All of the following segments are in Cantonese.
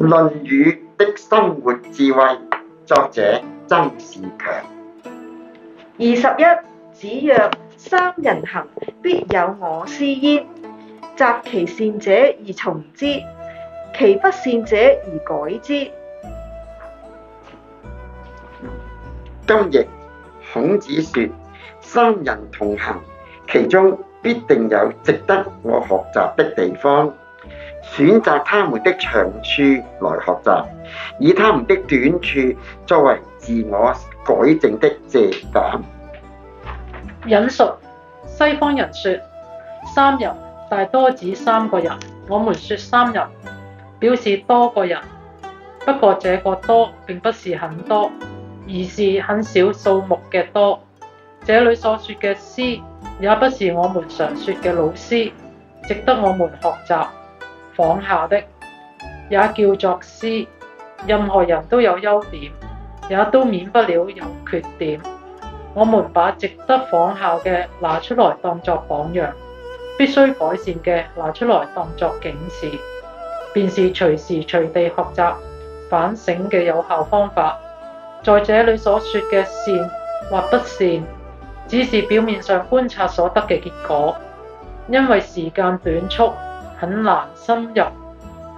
《論語》的生活智慧，作者曾仕強。二十一，子曰：三人行，必有我師焉。擇其善者而從之，其不善者而改之。今譯孔子說，三人同行，其中必定有值得我學習的地方。選擇他們的長處來學習，以他們的短處作為自我改正的借鑒。引述西方人說：三人大多指三個人，我們說三人表示多個人，不過這個多並不是很多，而是很少數目嘅多。這裡所說嘅師，也不是我們常說嘅老師，值得我們學習。仿效的也叫作師，任何人都有優點，也都免不了有缺點。我們把值得仿效嘅拿出來當作榜樣，必須改善嘅拿出來當作警示，便是隨時隨地學習反省嘅有效方法。在這裡所說嘅善或不善，只是表面上觀察所得嘅結果，因為時間短促。很難深入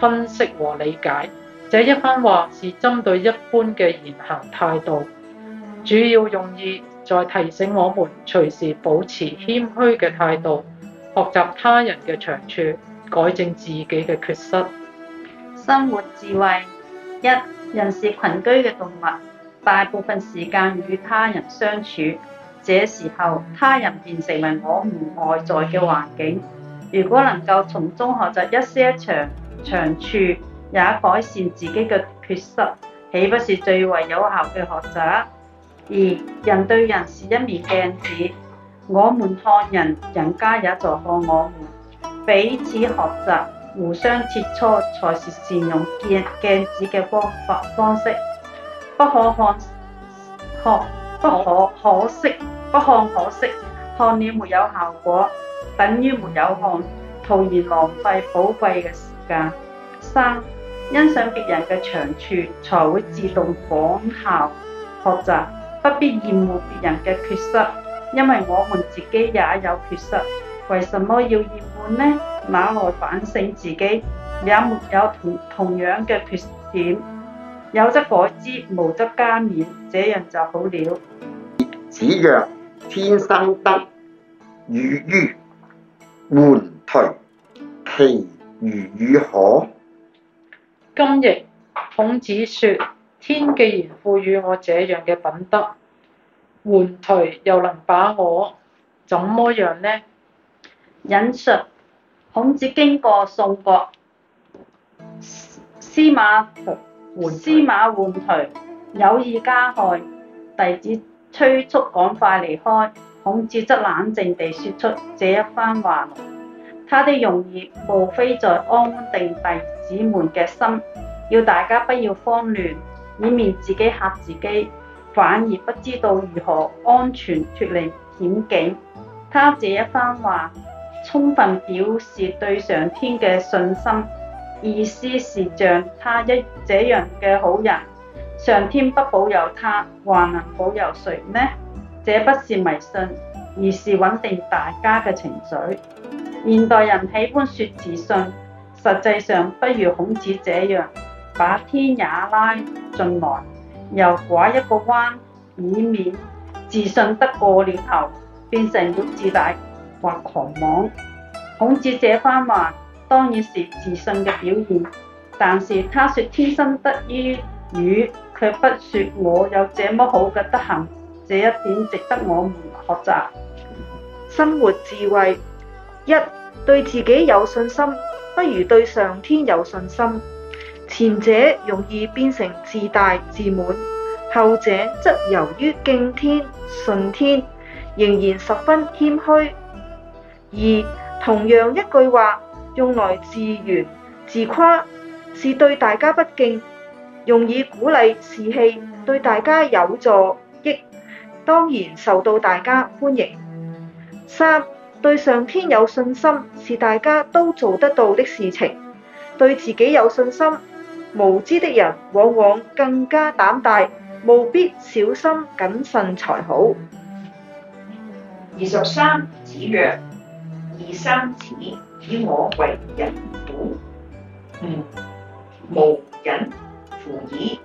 分析和理解，這一番話，是針對一般嘅言行態度，主要用意在提醒我們隨時保持謙虛嘅態度，學習他人嘅長處，改正自己嘅缺失。生活智慧一，人是群居嘅動物，大部分時間與他人相處，這時候他人便成為我們外在嘅環境。如果能夠從中學習一些長長處，也改善自己嘅缺失，豈不是最為有效嘅學習？而人對人是一面鏡子，我們看人，人家也在看我們，彼此學習，互相切磋，才是善用鏡鏡子嘅方法方式。不可看學不可可惜，不看可，可惜，看了沒有效果。等於沒有看，徒然浪費寶貴嘅時間。三，欣賞別人嘅長處，才會自動仿效學習，不必厭惡別人嘅缺失，因為我們自己也有缺失。為什麼要厭惡呢？拿來反省自己，也沒有同同樣嘅缺點。有則改之，無則加勉，這樣就好了。子曰：天生德，於予。桓魋其如予何？今日孔子說：天既然賦予我這樣嘅品德，桓魋又能把我怎麼樣呢？引述孔子經過宋國，司馬桓魋，司馬桓魋有意加害，弟子催促趕快離開。孔子則冷靜地說出這一番話，他的用意無非在安定弟子們嘅心，要大家不要慌亂，以免自己嚇自己，反而不知道如何安全脱離險境。他這一番話充分表示對上天嘅信心，意思是像他一這樣嘅好人，上天不保佑他，還能保佑誰呢？這不是迷信，而是穩定大家嘅情緒。現代人喜歡說自信，實際上不如孔子這樣把天也拉進來，又拐一個彎，以免自信得過了頭變成了自大或狂妄。孔子這番話當然是自信嘅表現，但是他說天生德於予，卻不說我有這麼好嘅德行。這一點值得我們學習。生活智慧，一、對自己有信心，不如對上天有信心。前者容易變成自大自滿，後者則由於敬天順天，仍然十分謙虛。二、同樣一句話，用來自圓自誇，是對大家不敬；用以鼓勵士氣，對大家有助。當然受到大家歡迎。三、對上天有信心，是大家都做得到的事情。對自己有信心，無知的人往往更加膽大，務必小心謹慎才好。二十三、子曰：二三子以我為隱乎？嗯，無隱乎矣。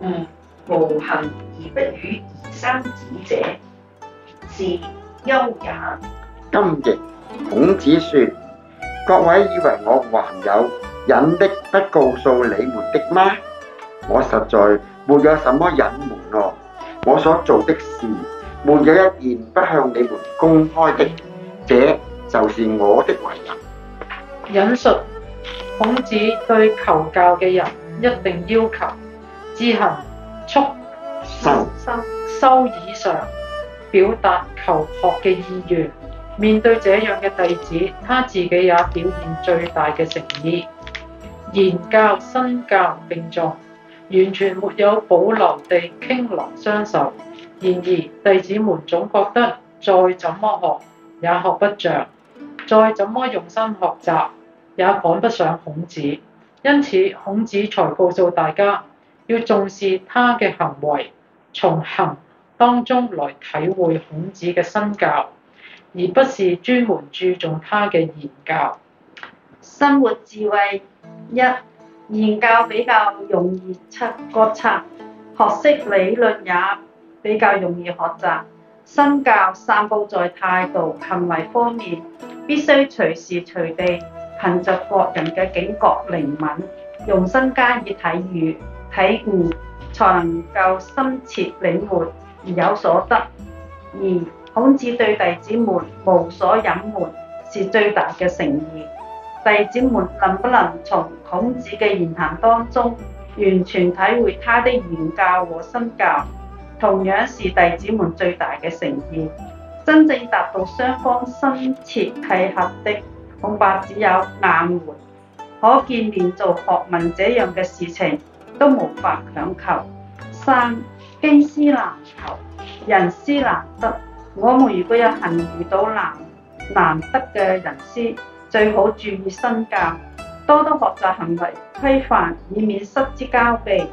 嗯，無行而不與。生子者，是憂也。今譯，孔子說：各位以為我還有隱的不告訴你們的嗎？我實在沒有什麼隱瞞哦。我所做的事，沒有一件不向你們公開的。這就是我的為人。引述，孔子對求教嘅人一定要求：自行，速神。束脩以上，表達求學嘅意願。面對這樣嘅弟子，他自己也表現最大嘅誠意，言教身教並重，完全沒有保留地傾囊相授。然而，弟子們總覺得再怎麼學也學不像，再怎麼用心學習也趕不上孔子，因此孔子才告訴大家要重視他嘅行為。從行當中來體會孔子嘅身教，而不是專門注重他嘅言教。生活智慧一，言教比較容易察覺；學識理論也比較容易學習。身教散佈在態度行為方面，必須隨時隨地憑著各人嘅警覺靈敏，用心加以體遇體悟。才能夠深切領會而有所得，而孔子對弟子們無所隱瞞是最大嘅誠意。弟子們能不能從孔子嘅言行當中完全體會他的言教和身教，同樣是弟子們最大嘅誠意。真正達到雙方深切契合的恐怕只有顏回，可見連做學問這樣嘅事情都無法強求。三、經師難求，人師難得。我們如果有幸遇到難難得嘅人師，最好注意身教，多多學習行為規範，以免失之交臂。